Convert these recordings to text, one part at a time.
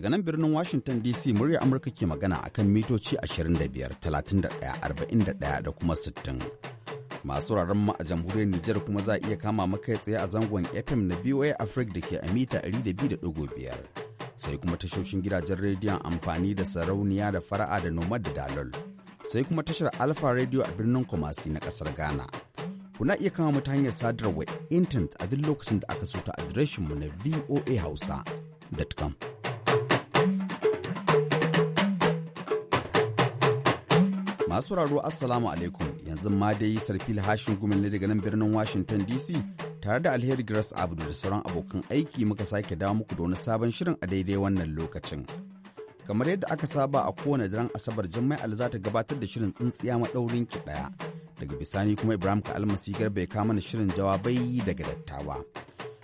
daga nan birnin Washington DC murya Amurka ke magana akan mitoci 25, 31, 41 da kuma 60. Masu raron mu a jamhuriyar Nijar kuma za a iya kama makai tsaye a zangon FM na BOA Africa da ke a mita 200.5. Sai kuma tashoshin gidajen rediyon amfani da sarauniya da fara'a da nomad da dalol. Sai kuma tashar Alfa rediyo a birnin Kumasi na kasar Ghana. Kuna iya kama mu ta hanyar sadarwa intanet a duk lokacin da aka so ta adireshinmu na VOA voahausa.com. Masu sauraro Assalamu alaikum yanzu ma dai sarfil hashin gumin daga nan birnin Washington DC tare da alheri Grace Abdu da sauran abokan aiki muka sake dawo muku da sabon shirin a daidai wannan lokacin. Kamar yadda aka saba a kowane daren Asabar Jummai Ali za ta gabatar da shirin tsintsiya maɗaurin ki ɗaya. Daga bisani kuma Ibrahim ka almasi garba ya kama mana shirin jawabai daga dattawa.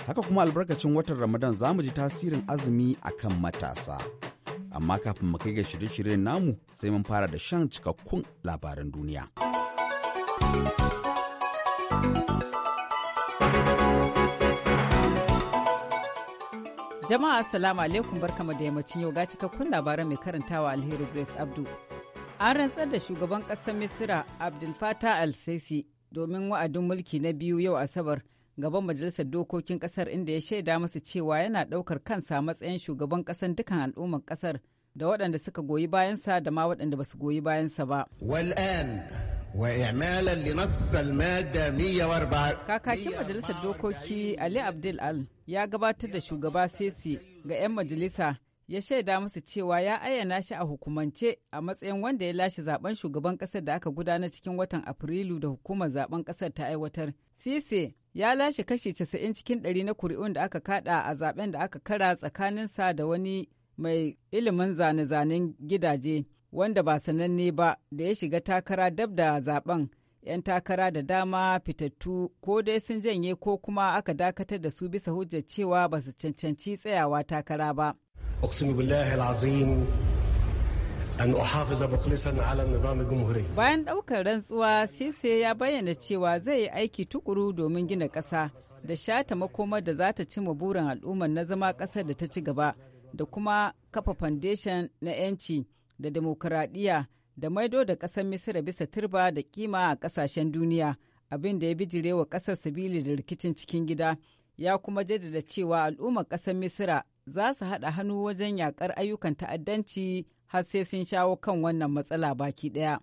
Haka kuma albarkacin watan Ramadan za mu ji tasirin azumi akan matasa. amma kafin mu kai ga shirye-shiryen namu sai mun fara da shan cikakkun labaran duniya. Jama'a Assalamu alaikum barkama da yammacin yau ga cikakkun labaran mai karantawa Alheri Grace Abdu. An rantsar da shugaban ƙasar Misira Abdul Fatah al-Sisi domin wa'adin mulki na biyu yau Asabar. gaban majalisar dokokin kasar inda ya shaida masu cewa yana ɗaukar kansa matsayin shugaban ƙasar dukkan al'umman ƙasar da waɗanda suka goyi bayansa da ma waɗanda ba goyi bayansa ba. Kakakin majalisar dokoki Ali Abdul Al ya gabatar da shugaba Sisi ga 'yan majalisa ya shaida musu cewa ya ayyana shi a hukumance a matsayin wanda ya lashe zaben shugaban kasar da aka gudana cikin watan Afrilu da hukumar zaben kasar ta aiwatar. Sise ya lashe kashi 90 cikin 100 na kuri'un da aka kada a zaben da aka kara tsakanin sa da wani mai ilimin zane-zanen gidaje wanda ba sananne ba da ya shiga takara dab da zaben 'yan takara da dama fitattu ko dai sun janye ko kuma aka dakatar da su bisa hujjar cewa ba su cancanci tsayawa takara ba. an uhafiza mukhlisan ala jumhuri bayan daukar rantsuwa sise ya bayyana cewa zai yi aiki tukuru domin gina ƙasa da shata makomar da za ta cimma burin al'ummar na zama ƙasar da ta ci gaba da kuma kafa foundation na 'yanci da demokuraɗiyya da maido da ƙasar misira bisa turba da kima a ƙasashen duniya abin da ya bijire wa ƙasar sabili da rikicin cikin gida ya kuma jaddada cewa al'ummar ƙasar misira za su haɗa hannu wajen yaƙar ayyukan ta'addanci har sai sun shawo kan wannan matsala baki ɗaya.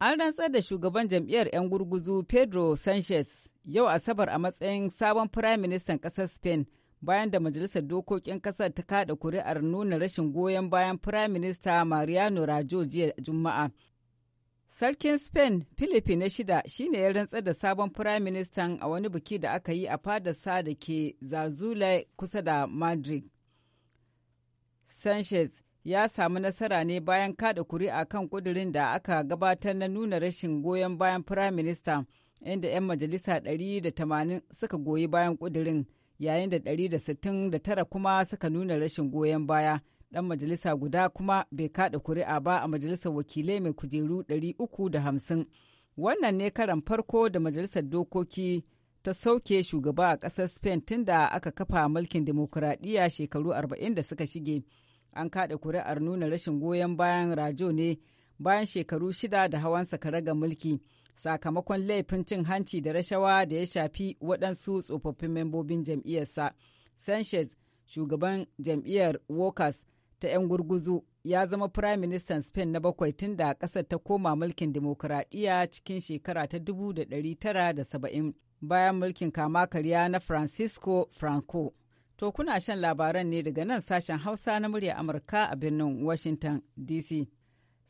An rantsar da shugaban jam'iyyar 'yan gurguzu Pedro Sanchez yau Asabar a matsayin sabon firaministan ƙasar Spain bayan da Majalisar Dokokin ƙasar ta kada kuri'ar nuna rashin goyon bayan firaminista Mariano rajo jiya Juma'a. Sarkin Spain filipi na shida shi ne ya rantsar da sabon firaministan a wani biki da aka yi a fadarsa da ke zazula kusa da Madrid. Sanchez ya samu nasara ne bayan kada kuri'a kan kudirin da aka gabatar na nuna rashin goyon bayan firaminista inda 'yan majalisa 180 suka goyi bayan kudirin yayin da 169 kuma suka nuna rashin goyon baya dan majalisa guda kuma bai kada kuri'a ba a majalisar wakilai mai kujeru 350 wannan ne karan farko da majalisar dokoki ta sauke shugaba a ƙasar spain tun da aka kafa mulkin demokuraɗiyya shekaru 40 da suka shige. an kaɗa kuri'ar nuna rashin goyon bayan rajo ne bayan shekaru shida da hawan sakaraga mulki sakamakon laifin cin hanci da rashawa da ya shafi waɗansu tsofaffin membobin jam'iyyarsa sanchez shugaban jam'iyyar workers ta 'yan gurguzu ya zama prime minister spain na bakwai tun da ƙasar ta koma mulkin demokuraɗiyya cikin shekara ta 1970 bayan mulkin kama karya na francisco franco To kuna shan labaran ne daga nan sashen Hausa na murya Amurka a birnin Washington DC.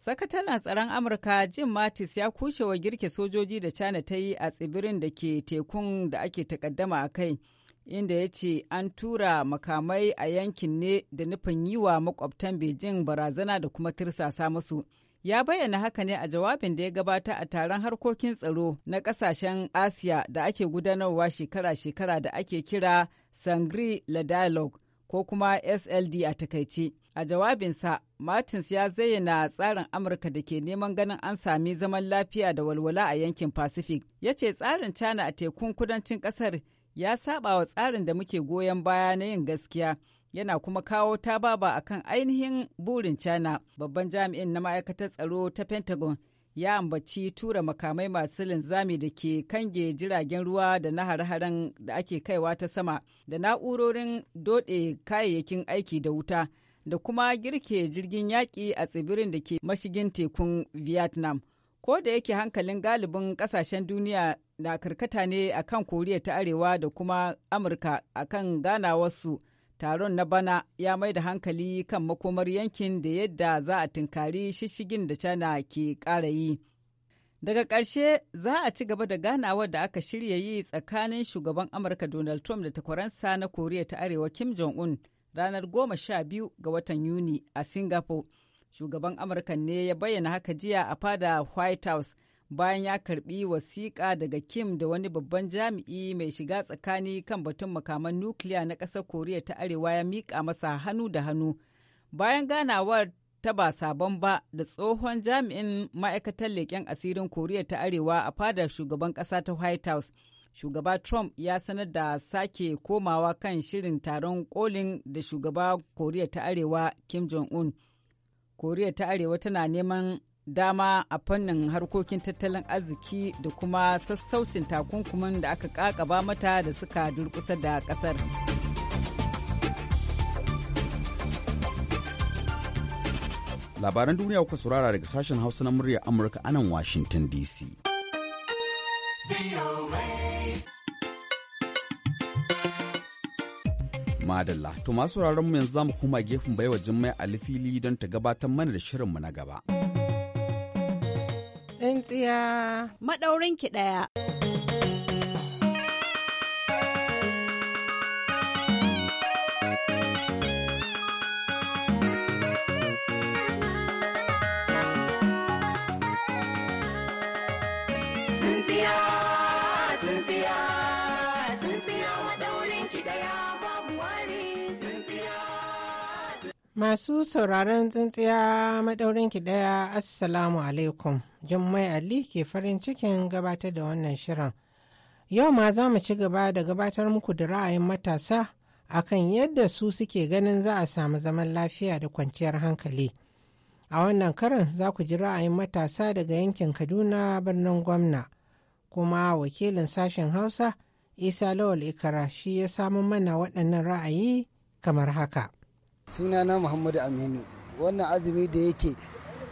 Sakataren tsaron Amurka Jim Mattis ya kushe wa girke sojoji da China ta yi a tsibirin da ke tekun da ake takaddama a kai. inda ya ce an tura makamai a yankin ne da nufin yi wa makwabtan Beijing barazana da kuma tirsasa musu. Ya bayyana haka ne a jawabin da ya gabata a taron harkokin tsaro na kasashen Asiya da ake gudanarwa shekara-shekara da ake kira Sangri La Dialogue ko kuma SLD a takaice. A jawabinsa, Martins ya zayyana tsarin Amurka da ke neman ganin an sami zaman lafiya da walwala a yankin Pacific. Ya ce tsarin China a tekun kudancin ƙasar ya saba wa tsarin da muke goyon baya na yin gaskiya yana kuma kawo tababa a kan ainihin burin china babban jami'in na ma'aikatar tsaro ta pentagon ya ambaci tura makamai masu linzami da ke kange jiragen ruwa da na hare-haren da ake kaiwa ta sama da na'urorin doɗe kayayyakin aiki da wuta da kuma girke jirgin yaƙi a tsibirin da ke mashigin tekun vietnam ko da yake hankalin galibin ƙasashen duniya na karkata ne a kan koriya ta arewa da kuma amurka a kan ganawarsu taron na bana ya mai da hankali kan makomar yankin da yadda za a tunkari shishigin da china ke ƙara yi daga ƙarshe za a ci gaba da ganawar da aka shirya yi tsakanin shugaban amurka donald trump da takwaransa na koriya ta arewa kim jong-un ranar goma sha biyu ga watan yuni a singapore shugaban amurka ne ya bayyana haka jiya a fada white house bayan ya karbi wasiƙa daga Kim da wani babban jami'i mai shiga tsakani kan batun makaman nukiliya na ƙasar Koriya ta Arewa ya miƙa masa hannu da hannu. Bayan ganawar ta ba sabon ba da tsohon jami'in ma'aikatar leƙen asirin Koriya ta Arewa a fadar shugaban ƙasa ta White House. Shugaba Trump ya sanar da sake komawa kan shirin taron kolin da shugaba Koriya ta Arewa Kim Jong-un. Koriya ta Arewa tana neman dama a fannin harkokin tattalin arziki da kuma sassaucin takunkumin da aka kakaba mata da suka durkusa da kasar. Labaran duniya kuka saurara daga sashen Hausa na murya Amurka anan Washington DC. Madalla, to masu mu yanzu za mu koma gefen baiwa Jummai alifili don ta gabatar mana da shirin mu na gaba. tsintsiya Maɗaurin ɗaya. Masu sauraron tsintsiya madaurin ki ɗaya Assalamu alaikum. Jummai Ali ke farin cikin gabatar da wannan shirin. Yau ma za mu ci gaba da gabatar muku da ra'ayin matasa akan yadda su suke ganin za a samu zaman lafiya da kwanciyar hankali. A wannan karan za ku ji ra'ayin matasa daga yankin Kaduna birnin gwamna. Kuma wakilin sashen Hausa Isa Lawal Ikara shi ya samu mana waɗannan ra'ayi kamar haka. sunana muhammadu aminu wannan azumi da yake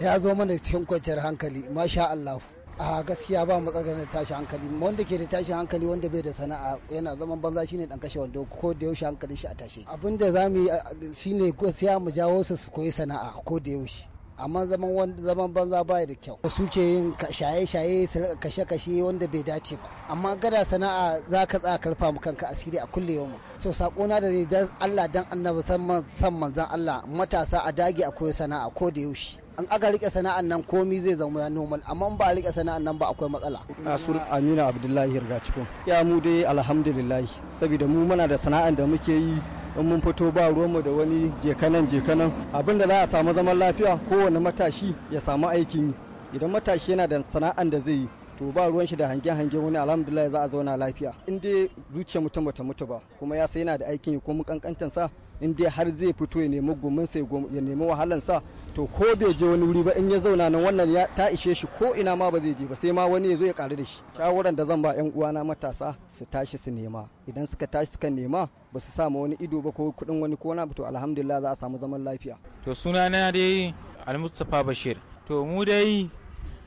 ya zo mana cikin kwanciyar hankali masha Allah a gaskiya ba da tashi hankali wanda ke da tashi hankali wanda bai da sana'a yana zaman banza shine dan kashe wando ko da yaushe hankalin shi a tashi abinda mu yi shine siya mu jawo su su koyi sana'a ko da yaushe amma zaman zaman banza ba da kyau wasu ke yin shaye-shaye su kashe-kashe wanda bai dace ba amma gada sana'a za ka tsaya karfa mu kanka asiri a kulle yau so sakona da ni dan Allah dan annabi san manzan Allah matasa a dage akwai sana'a ko da yaushe an aka rike sana'an nan komi zai zama normal amma ba rike sana'an nan ba akwai matsala asur amina abdullahi yarga ya mu dai alhamdulillah saboda mu muna da sana'an da muke yi in mun fito ba ruwanmu da wani jekanan jekanan abin da za a samu zaman lafiya kowane matashi ya samu aikin yi idan matashi yana da sana'an da zai yi to ba ruwan shi da hange-hange wani alhamdulillah za a zauna lafiya in dai zuciya mutum bata mutu ba kuma ya sai yana da aikin yi ko mu kankantan sa in dai har zai fito ya nemi gumin sai ya nemi wahalan sa to ko bai je wani wuri ba in ya zauna nan wannan ya ta ishe shi ko ina ma ba zai je ba sai ma wani ya zo ya karu da shi shawaran da zan ba yan uwana matasa su tashi su nema idan suka tashi suka nema ba su samu wani ido ba ko kudin wani kona ba to alhamdulillah za a samu zaman lafiya to suna sunana dai almustafa bashir to mu dai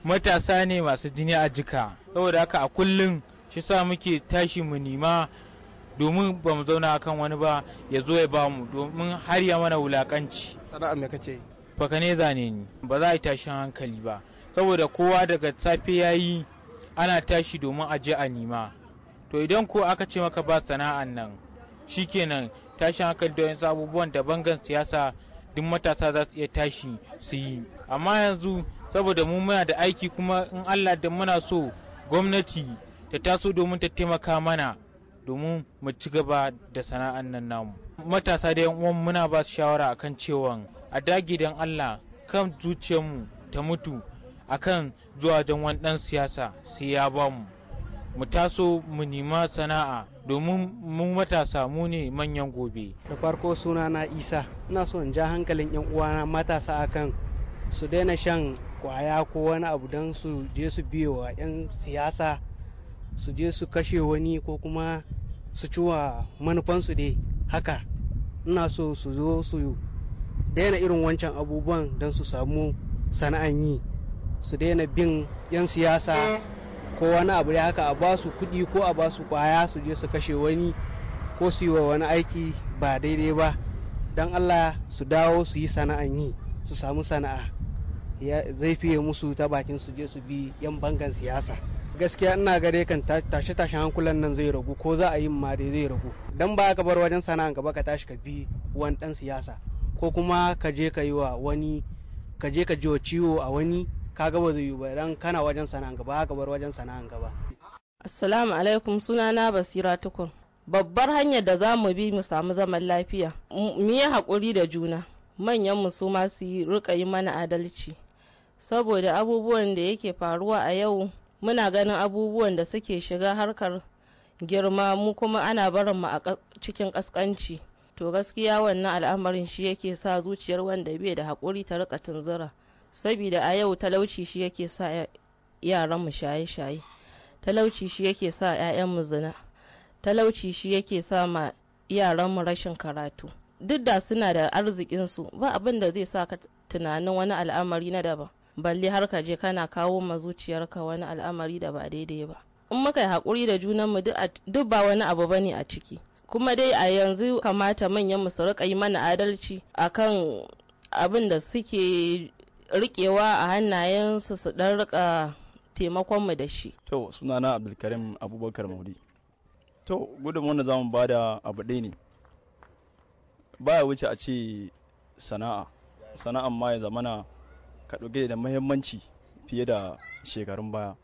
matasa ne masu jini a jika saboda haka a kullum shi sa muke tashi mu nema. domin ba mu zauna kan wani ba ya zo ya ba mu domin har ya mana wulakanci sana'a me kace baka ne zane ni ba za a yi tashin hankali ba saboda kowa daga safe ya yi ana tashi domin a je a nima to idan ko aka ce maka ba sana'an nan shi shikenan tashin hankali da wasu abubuwan da bangan siyasa duk matasa za su iya tashi su yi amma yanzu saboda mu muna da aiki kuma in allah da muna so gwamnati ta taso domin ta taimaka mana domin mu ci gaba da sana'an nan namu matasa da uwan muna ba su shawara akan cewa a dagi don allah kan zuciyarmu ta mutu akan zuwa don wani ɗan siyasa sai ya ba mu mu taso mu nima sana'a domin mu matasa mu ne manyan gobe da farko suna na isa ina so in ja hankalin yan uwana matasa akan su daina shan kwaya ko wani abu don su je su biyo wa 'yan siyasa su je su kashe wani ko kuma su ci wa manufansu dai haka ina so su zo su daina irin wancan abubuwan don su samu sana'an yi su daina bin 'yan siyasa ko wani abu da haka a ba su kuɗi ko a ba su kwaya su je su kashe wani ko su yi wa wani aiki ba daidai ba don allah su dawo su yi sana'an yi su samu sana'a zai fiye musu ta bakin su je su bi 'yan bangan siyasa gaskiya ina gare kan tashe tashen hankulan nan zai ragu ko za a yi ma dai zai ragu dan ba ka bar wajen sana'an gaba ka tashi ka bi wani dan siyasa ko kuma ka je ka yi wa wani ka je ka ji wa ciwo a wani ka gaba zai yi ba dan kana wajen sana'an gaba ka bar wajen sana'an gaba assalamu alaikum sunana basira tukun babbar hanyar da za mu bi mu samu zaman lafiya mu yi haƙuri da juna manyan mu su ma su rika yi mana adalci saboda abubuwan da yake faruwa a yau muna ganin abubuwan da suke shiga harkar girma mu kuma ana barin mu a cikin kaskanci to gaskiya wannan al'amarin shi yake sa zuciyar wanda bai da haƙuri ta rika tunzura saboda a yau talauci shi yake sa yaran mu shaye-shaye talauci shi yake sa 'ya'yan mu zina talauci shi yake sa ma yaran mu rashin karatu duk da suna da arzikinsu ba abin da zai sa ka tunanin wani al'amari na daban balle har ka je kana kawo ma zuciyarka wani al'amari da ba daidai ba in muka yi haƙuri da junanmu duk ba wani abu bane a ciki kuma dai a yanzu kamata manyan su rika yi mana adalci akan abin da suke rikewa a hannayensu su dan rika taimakon mu da shi to sunana abdulkarim abubakar maudi to gudun wanda zamu bada abu ɗaya ne baya wuce a ce sana'a sana'an ma ya zamana ka ɗauke da mahimmanci fiye da shekarun baya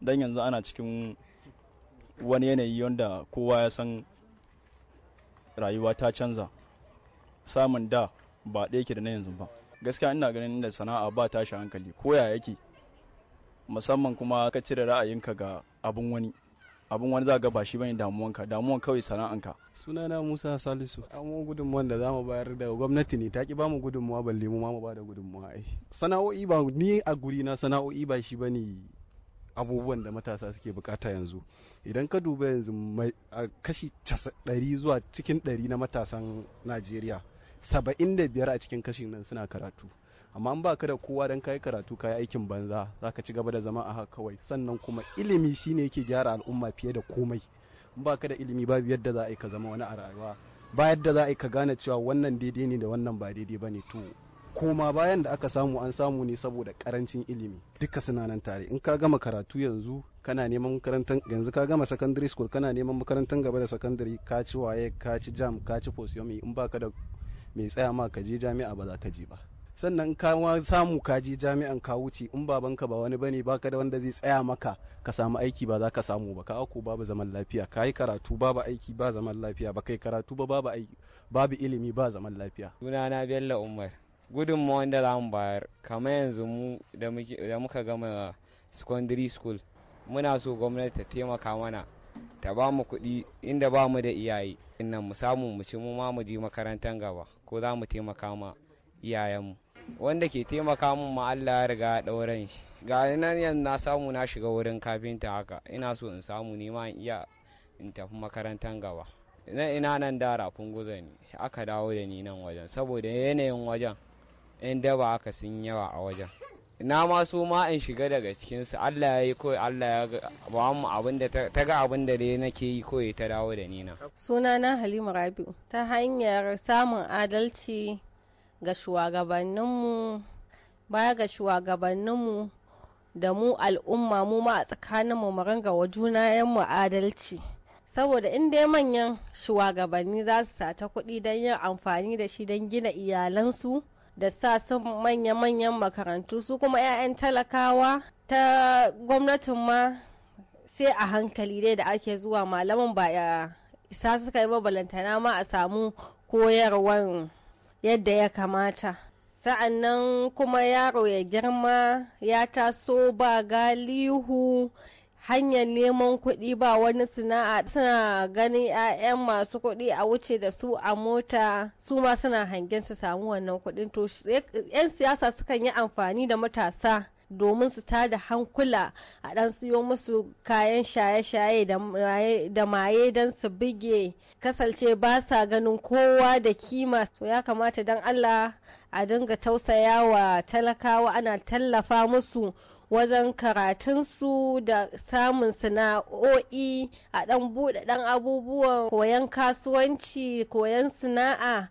don yanzu ana cikin wani yanayi wanda kowa ya san rayuwa ta canza samun da ba ɗaya ke da na yanzu ba gaskiya ina ganin da sana'a ba tashi hankali koya yake musamman kuma ka cire ra'ayinka ga abin wani abin wani za ga ba shi bane damuwanka damuwan kawai sana'anka sunana Musa Salisu amma gudunmuwan da zamu bayar da gwamnati ne ta ki bamu gudunmuwa balle mu ma mu bada gudunmuwa ai sana'o'i ba ni a guri na sana'o'i ba shi bane abubuwan da matasa suke bukata yanzu idan ka duba yanzu kashi 100 zuwa cikin 100 na matasan Najeriya saba'in da biyar a cikin kashin nan suna karatu amma in ka da kowa dan kai karatu ka yi aikin banza zaka ci gaba da zama a haka kawai sannan kuma ilimi shine yake gyara al'umma fiye da komai in ka da ilimi babu yadda za a yi ka zama wani a rayuwa ba yadda za a yi ka gane cewa wannan daidai ne da wannan ba daidai ba ne to koma bayan da aka samu an samu ne saboda karancin ilimi duka suna nan tare in ka gama karatu yanzu kana neman makarantar yanzu ka gama secondary school kana neman makarantar gaba da secondary ka ci waye ka ci jam ka ci post in baka da mai tsaya ma ka je jami'a ba za ka je ba sannan kawo samu kaji jami'an ka wuce in babanka ba wani bane baka da wanda zai tsaya maka ka samu aiki ba za ka samu ba ka ako babu zaman lafiya ka yi karatu babu aiki ba zaman lafiya ba kai karatu ba babu aiki babu ilimi ba zaman lafiya sunana bello umar mu wanda za mu bayar kamar yanzu mu da muka gama secondary school muna so gwamnati ta taimaka mana ta ba mu kuɗi inda ba mu da iyaye innan mu samu mu ci mu ma mu je makarantar gaba ko za mu taimaka ma iyayenmu wanda ke taimaka min ma Allah ya riga ya ɗauran shi ga nan yanzu na samu na shiga wurin kafinta haka ina so in samu nema ma iya in tafi makarantar gaba ina ina nan da rafin guza ne aka dawo da ni nan wajen saboda yanayin wajen in daba aka sun yawa a wajen na ma so ma in shiga daga cikinsu Allah ya yi kawai Allah ya ba mu abin da ta ga abin da dai nake yi kawai ta dawo da ni na sunana Halima Rabi'u ta hanyar samun adalci ga shugabanninmu baya ga shugabanninmu da mu al'umma mu ma a tsakaninmu mu ringa wa juna mu adalci saboda in dai manyan shugabanni za su sata kuɗi don yin amfani da shi don gina iyalansu da sa su manya-manyan makarantu su kuma 'ya'yan talakawa ta gwamnatin ma sai a hankali dai da ake zuwa malamin ba isa suka yi balantana ma a samu koyarwar yadda ya kamata sa'an nan kuma yaro ya girma ya taso ba galihu hanyar neman kuɗi ba wani sana'a suna ganin 'ya'yan masu kuɗi a wuce da su a mota su ma suna hangen su samu wannan kuɗin to 'yan siyasa sukan yi amfani da matasa domin su tada hankula a ɗan siyo musu kayan shaye-shaye da maye don su bige kasance ba sa ganin kowa da kima to ya kamata don allah a dinga tausaya wa talakawa ana tallafa musu wajen karatunsu da samun sana'o'i a ɗan buɗe ɗan abubuwan koyon kasuwanci koyon sana'a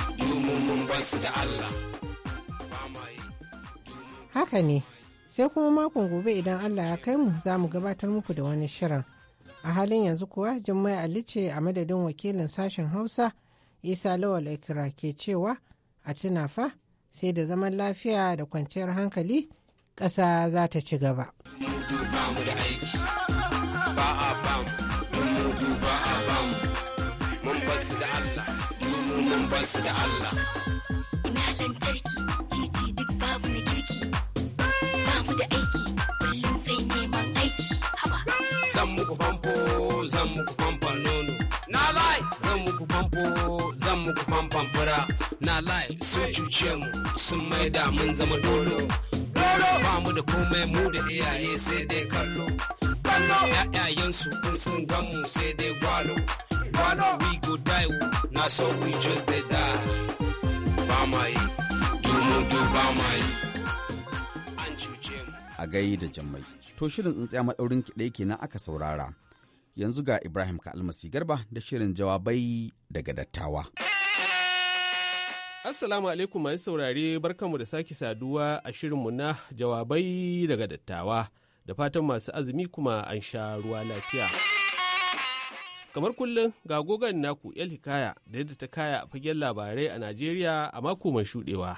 Haka ne, sai kuma makon gobe idan Allah ya kai mu za mu gabatar muku da wani shirin. A halin yanzu kuwa Jummai Ali ce a madadin wakilin sashen Hausa Isa Lawal Ikira ke cewa a tuna sai da zaman lafiya da kwanciyar hankali ƙasa za ta ci gaba. ba a ruwansu da Allah. Ina lantarki, titi duk babu na kirki, ba mu da aiki, kullum sai neman aiki. Haba. Zan muku famfo, zan muku famfon nono. Na lai! Zan muku famfo, zan muku famfon fura. Na lai, sun cuce mu, sun maida mun zama dolo. Dolo! Ba mu da komai mu da iyaye sai dai kallo. Kallo! 'Ya'yayensu in sun gamu sai dai gwalo. we go A gai da jammai, to shirin tsintsiya maɗaurin kiɗai kenan aka saurara. Yanzu ga Ibrahim ka almasi garba da shirin jawabai daga dattawa. Assalamu alaikum masu saurare barkanmu da sake saduwa a shirinmu na jawabai daga dattawa da fatan masu azumi kuma an sha ruwa lafiya. Kamar kullum ga gogon naku El Hikaya da yadda ta kaya a fagen labarai a Najeriya a mako mai shuɗewa.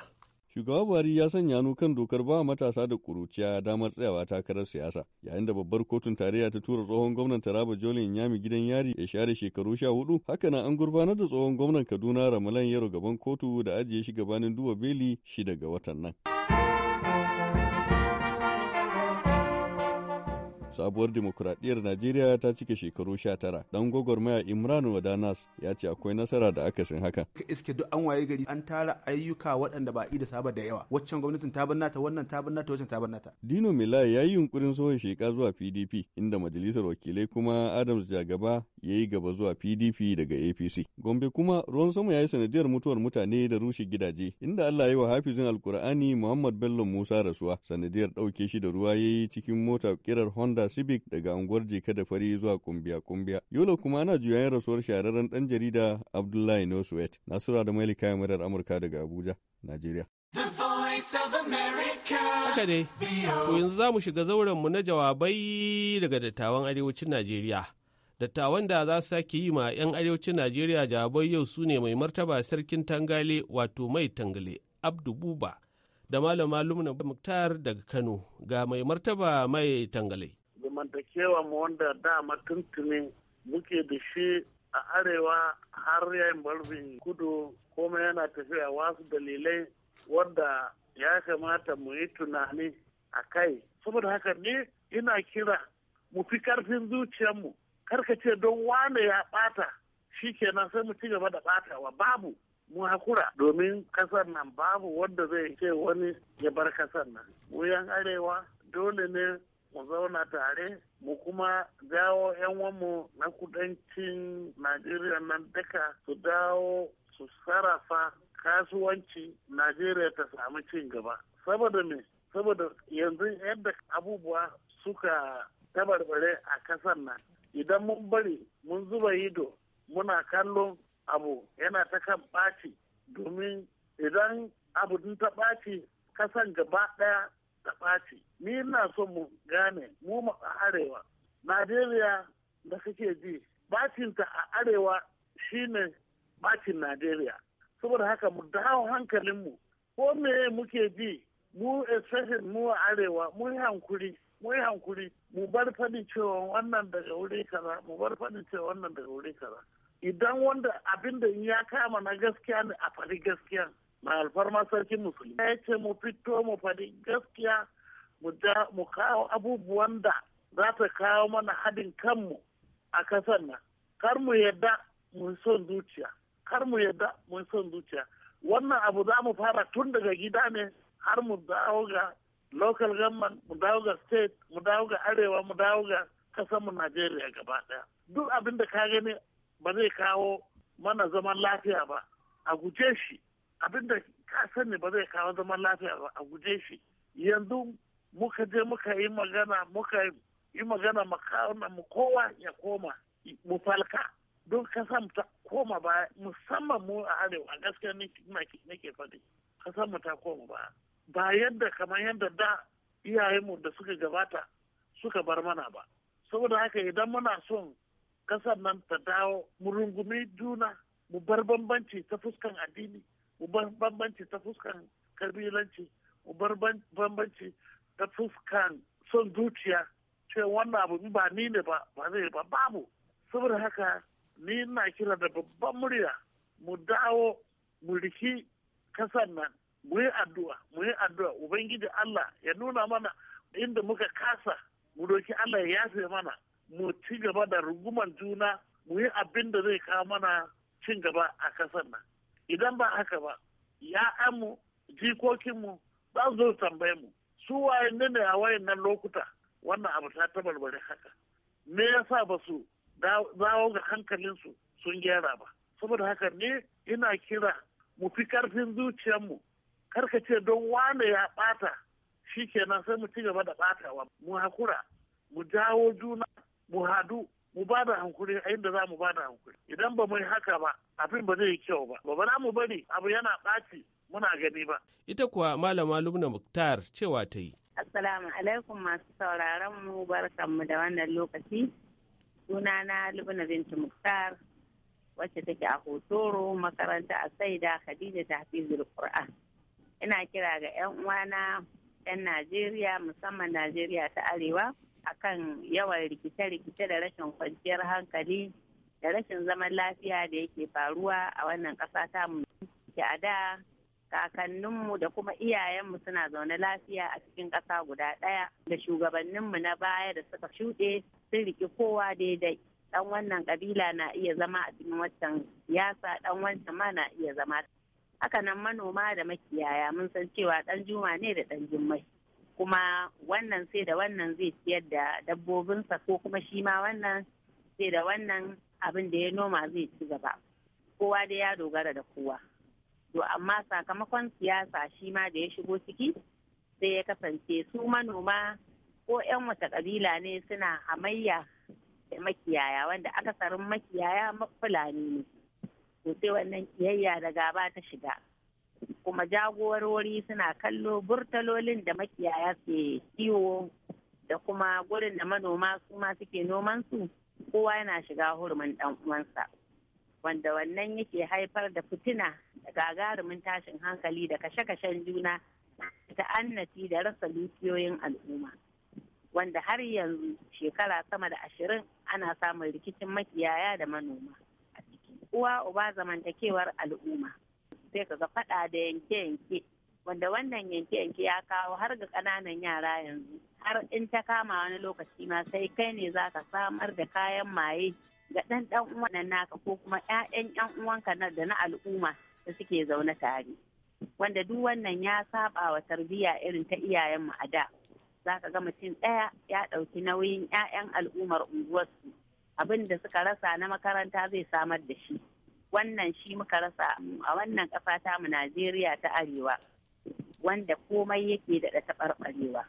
Shugaba Buhari ya sanya nu kan dokar ba matasa da kuruciya damar tsayawa takarar siyasa, yayin da babbar kotun tarayya ta tura tsohon gwamnan Taraba Jolin Yami gidan yari ya share shekaru sha hudu, haka nan an gurbanar da tsohon gwamnan Kaduna Ramalan Yaro gaban kotu da ajiye shi gabanin duba Beli shida ga watan nan. sabuwar dimokuraɗiyyar najeriya ta cika shekaru sha tara dan gwagwarmaya imran wadanas ya ce akwai nasara da aka akasin haka iske duk an waye gari an tara ayyuka waɗanda ba da saba da yawa waccan gwamnatin ta bar nata wannan ta bar waccan ta bar dino milai ya yi yunkurin soya sheka zuwa pdp inda majalisar wakilai kuma adams jagaba ya yi gaba zuwa pdp daga apc gombe kuma ruwan sama ya yi sanadiyar mutuwar mutane da rushe gidaje inda allah ya yi wa hafizin alkur'ani muhammad bello musa rasuwa sanadiyar ɗauke shi da ruwa ya yi cikin mota kirar honda Siyasa Civic daga unguwar Jeka da Fari zuwa Kumbiya Kumbiya. Yola kuma ana juyayen rasuwar shahararren ɗan jarida Abdullahi na Nasura da likayen Yamarar Amurka daga Abuja, Najeriya. Haka dai, yanzu za mu shiga zaurenmu na jawabai daga dattawan arewacin Najeriya. Dattawan da za su sake yi ma 'yan arewacin Najeriya jawabai yau su ne mai martaba sarkin Tangale wato mai Tangale, Abdu Buba, da malama Lumna Muktar daga Kano ga mai martaba mai Tangale. zamantakewa mu wanda dama tuntuni muke da shi a arewa har yayin kudu kuma yana tafiya wasu dalilai wadda ya kamata mu yi tunani a kai saboda haka ne ina kira mu fi karfin zuciyarmu karkace don wane ya bata shi kenan sai mu ci gaba da batawa babu mu hakura domin kasar nan babu wanda zai ce wani ya bar kasar nan wuyan arewa dole ne mu zauna tare mu kuma dawo 'yan wanmu na kudancin najeriya nan duka su dawo su sarrafa kasuwanci najeriya ta samu cin gaba saboda me saboda yanzu yadda abubuwa suka tabarbare a kasar nan idan mun bari mun zuba ido muna kallon abu yana ta kan ɓaci domin idan abu ta ɓaci kasan gaba ɗaya ta ɓaci ni na so mu gane mu a arewa najeriya da kake ji bacinta a arewa shine bacin najeriya saboda haka mu dawo hankalinmu ko me muke ji mu especially mu a arewa mu yi hankuri mu yi hankuri mu bar fadi cewa wannan daga wuri kaza mu bar fadi cewa wannan daga wuri kaza idan wanda abinda da ya kama na gaskiya ne a faɗi gaskiya na alfarma sarkin musulmi ya ce mu fito mu faɗi gaskiya mu mu kawo abubuwan da za ta kawo mana haɗin kanmu a ƙasar nan kar mu yadda mu son zuciya kar mu yadda mu son zuciya wannan abu za mu fara tun daga gida ne har mu dawo ga local government mu dawo ga state mu dawo ga arewa mu dawo ga kasanmu najeriya gaba ɗaya duk abin da ka gani ba zai kawo mana zaman lafiya ba a guje shi abin da ka sani ba zai kawo zaman lafiya ba a guje shi yanzu muka je muka yi magana muka yi magana mu kowa ya koma mu falka don kasan ta koma baya musamman mu a arewa a gaskiya nake faɗi kasan mu ta koma baya ba yadda kamar yadda da iyayenmu da suka gabata suka bar mana ba saboda haka idan muna son kasar nan ta dawo mu rungumi juna mu bar bambanci ta fuskan addini mu bar bambanci ta fuskan kabilanci mu bar bambanci ta fuskan son zuciya cewa wannan abu ba ni ne ba ba zai ba babu saboda haka ni na kira da babban murya mu dawo mu riki kasan nan mu yi addu'a mu yi addu'a ubangiji Allah ya nuna mana inda muka kasa mu doki Allah ya yafe mana mu ci gaba da ruguman juna mu yi abin da zai kawo mana cin gaba a kasan nan idan ba haka ba amu jikokinmu za su zo tambaye mu su waye ne a wayan nan lokuta wannan abu ta tabarbare haka me yasa ba su dawo ga hankalinsu sun gyara ba saboda haka ne ina kira mu fi karfin zuciyarmu karka ce don wane ya bata kenan sai mu ci gaba da batawa mu hakura mu jawo juna mu hadu mu ba da hankuri a inda za mu ba da hankuri idan ba mu yi haka ba abin ba zai yi kyau ba ba za mu bari abu yana ɓaci muna gani ba. Ita kuwa Malama Lubna Muktar cewa ta yi. Assalamu alaikum masu sauraron mu barkanmu da wannan lokaci. Sunana Lubna Binti Muktar wacce take a Hotoro makaranta a Saida Khadija ta Tahfizul Qur'an. Ina kira ga 'yan uwana 'yan Najeriya musamman Najeriya ta Arewa akan yawan rikice-rikice da rashin kwanciyar hankali da rashin zaman lafiya da yake faruwa a wannan ƙasa ta mu. Ke a da kakanninmu da kuma iyayenmu suna zaune lafiya a cikin ƙasa guda ɗaya da shugabanninmu na baya da suka shuɗe sun riƙe kowa daidai ɗan wannan ƙabila na iya zama a cikin waccan siyasa ɗan wancan ma na iya zama haka nan manoma da makiyaya mun san cewa ɗan juma ne da ɗan jummai kuma wannan sai da wannan zai ciyar da dabbobinsa ko kuma shi ma wannan sai da wannan abin da ya noma zai ci gaba kowa dai ya dogara da kowa to amma sakamakon siyasa shi ma da ya shigo ciki sai ya kasance su manoma ko 'yan wata kabila ne suna hamayya da makiyaya wanda akasarin makiyaya fulani ne to sai wannan kiyayya da gaba ta shiga kuma jagorori suna kallo burtalolin da makiyaya ke kiwo da kuma gurin da manoma su ma suke nomansu kowa yana shiga hurumin dan uwansa wanda wannan yake haifar da fitina da gagarumin tashin hankali da kashe-kashen juna ta annati da rasa dukiyoyin al'umma wanda har yanzu shekara sama da ashirin ana samun rikicin makiyaya da manoma a ciki uwa uba zamantakewar al'umma sai ga faɗa da yanke-yanke wanda wannan yanke-yanke ya kawo har ga ƙananan yara yanzu har in ta kama wani lokaci ma sai kai ne za ka samar da kayan maye ga ɗan ɗan uwan naka ko kuma ƴaƴan ƴan uwanka na da na al'umma da suke zaune tare wanda duk wannan ya saba wa tarbiyya irin ta iyayenmu a da za ka ga mutum ɗaya ya ɗauki nauyin ƴaƴan al'ummar unguwarsu abin da suka rasa na makaranta zai samar da shi wannan shi muka rasa a wannan ƙasa ta mu Najeriya ta arewa wanda komai yake da taɓarɓarewa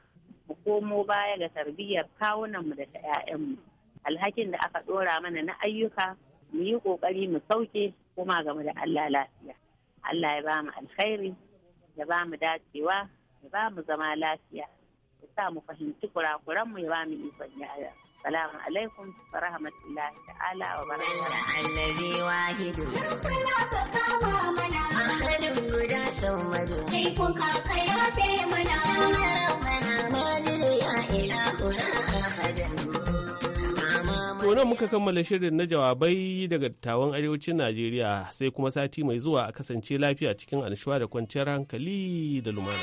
mu komo baya ga tarbiyyar kawunanmu da ta mu alhakin da aka ɗora mana na ayyuka mu yi ƙoƙari mu sauke kuma game da Allah lafiya. Allah ya ba mu alkhairi, ya ba mu dacewa, ya ba mu zama lafiya, ya sa mu fahimci mu ya ba mu ikon yaya. Salamu alaikum wa rahmatullahi ta'ala wa barakatuhu. guda kuna muka kammala shirin na jawabai daga dattawan arewacin Najeriya sai kuma sati mai zuwa a kasance lafiya cikin annashuwa da kwanciyar hankali da lumana.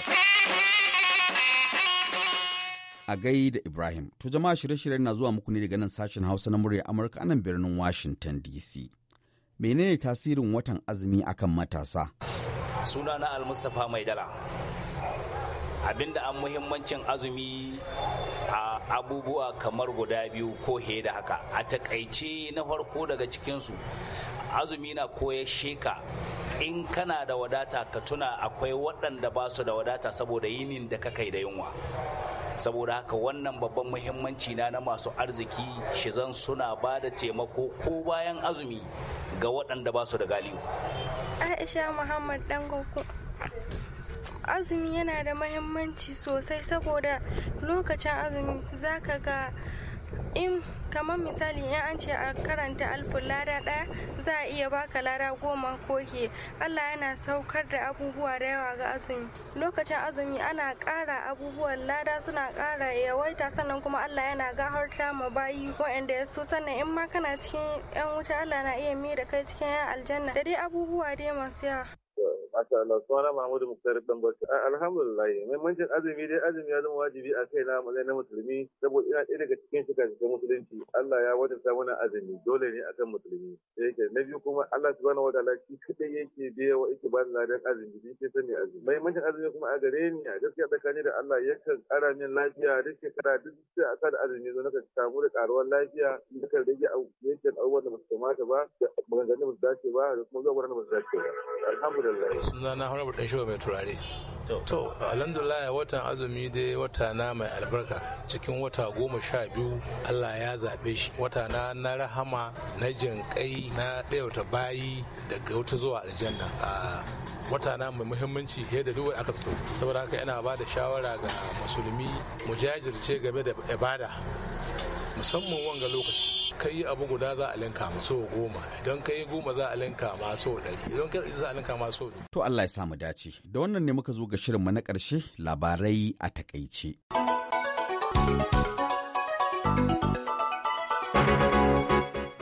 A gai da Ibrahim, to jama'a shirye-shiryen na zuwa muku ne daga nan sashen Hausa na murya Amurka anan birnin Washington DC. Menene tasirin watan azumi akan matasa? Sunana Al-Mustapha Maidala. Abinda an muhimmancin azumi a abubuwa kamar guda biyu ko he da haka a takaice na farko daga cikinsu azumi na koya sheka in kana da wadata ka tuna akwai waɗanda ba su da wadata saboda yinin da kakai da yunwa saboda haka wannan babban muhimmanci na na masu arziki shizan suna ba da taimako ko bayan azumi ga waɗanda ba su da galihu aisha muhammad dangoku azumi yana da mahimmanci sosai saboda lokacin azumi za ka ga in kamar misali in an ce a karanta alfun lada ɗaya za a iya baka lada goma ko allah yana saukar da abubuwa da yawa ga azumi lokacin azumi ana ƙara abubuwan lada suna ƙara yawaita sannan kuma allah yana gaharta ma bayi waɗanda ya so sannan in ma kana cikin yan wuta allah na iya mi da kai cikin yan aljanna da dai abubuwa dai masu yawa Masha Allah sunana Mahmudu Muktar Dangote. Alhamdulillah muhimmancin azumi dai azumi ya zama wajibi a kai na matsayin na musulmi saboda ina ɗaya daga cikin shiga cikin musulunci Allah ya wajabta mana azumi dole ne akan musulmi. Yake na biyu kuma Allah bana wataala shi kadai yake biya wa yake bani ladan azumi shi ke sani azumi. Muhimmancin azumi kuma a gare ni a gaskiya tsakani da Allah yakan ƙara min lafiya duk shekara duk da a kada azumi zo nakan samu da ƙaruwar lafiya kan rage yankin abubuwan da ba su kamata ba da maganganun da ba su dace ba da kuma zuwa wurin da ba su dace ba. Alhamdulillah. suna na dan shehu mai turare to alhamdulillah watan azumi dai wata na mai albarka cikin wata goma sha biyu allah ya zaɓe shi wata na na rahama na jinƙai na ɗayauta bayi daga wata zuwa aljanna a wata na mai muhimmanci fiye da duwai aka sato. saboda haka yana ba da shawara ga musulmi mu jajirce game da ibada musamman wanga lokaci ka abu guda za a linka maso goma idan ka goma za a linka maso ɗari idan ka yi za a linka maso ɗari. to Allah ya samu dace da wannan ne muka zo ga shirinmu na ƙarshe labarai a takaice.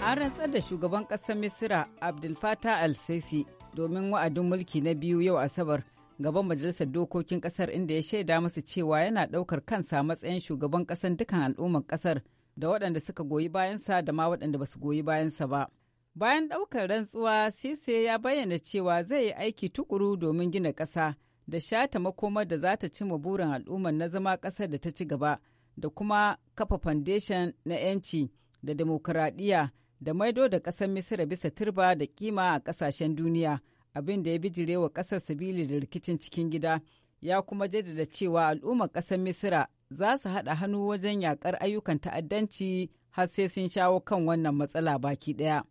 an rantsar da shugaban ƙasar misira abdul fata al-sisi domin wa'adin mulki na biyu yau asabar gaban majalisar dokokin ƙasar inda ya shaida masu cewa yana ɗaukar kansa matsayin shugaban ƙasar dukkan al'ummar ƙasar da waɗanda suka goyi bayansa da ma waɗanda ba su goyi bayansa ba. Bayan ɗaukar rantsuwa, Sise ya bayyana cewa zai yi aiki tukuru domin gina ƙasa da shata makoma da za ta cimma burin al'ummar na zama ƙasar da ta ci gaba da kuma kafa foundation na 'yanci da demokuraɗiyya da maido da ƙasar Misira bisa turba da kima a ƙasashen duniya abin da ya bijirewa ƙasar sabili da rikicin cikin gida. ya kuma jaddada cewa al'ummar ƙasar misira za su haɗa hannu wajen yaƙar ayyukan ta'addanci har sai sun shawo kan wannan matsala baki ɗaya.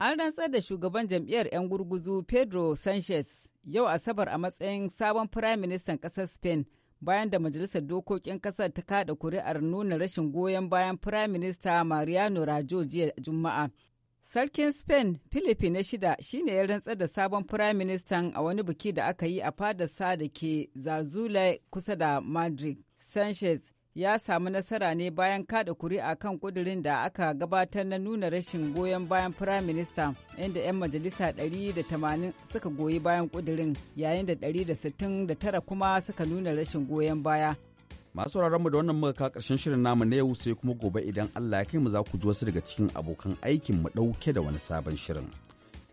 An rantsar da shugaban jam'iyyar 'yan gurguzu Pedro Sanchez yau Asabar a matsayin sabon firaministan ƙasar Spain bayan da Majalisar Dokokin ƙasar ta kaɗa kuri'ar nuna rashin goyon bayan firaminista Mariano rajo jiya Juma'a. Sarkin Spain Filipi na shida shine ya rantsar da sabon firaministan a wani biki da aka yi a fadarsa da ke Zarzule kusa da Madrid. Sanchez ya samu nasara ne bayan kada kuri'a kan kudirin da aka gabatar na nuna rashin goyon bayan Prime Minister inda 'yan majalisa 180 suka goyi bayan ƙudirin yayin da 169 kuma suka nuna rashin goyon baya. Masu mu da wannan muka karshen shirin namu na yau sai kuma gobe idan Allah ya kai mu za ku ji wasu daga cikin abokan aikin mu dauke da wani sabon shirin.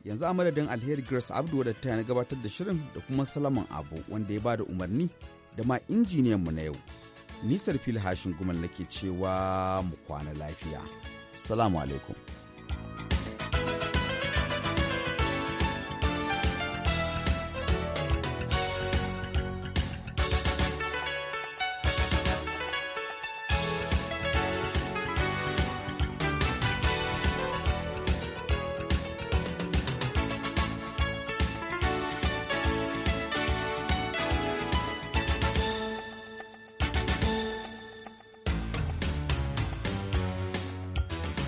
Yanzu a madadin Alheri Grace Abdu da ta gabatar da shirin da kuma Salaman Abu wanda ya ba da umarni da ma injiniyan mu na yau. nisar fil hashin guman nake cewa mu kwana lafiya salamu alaikum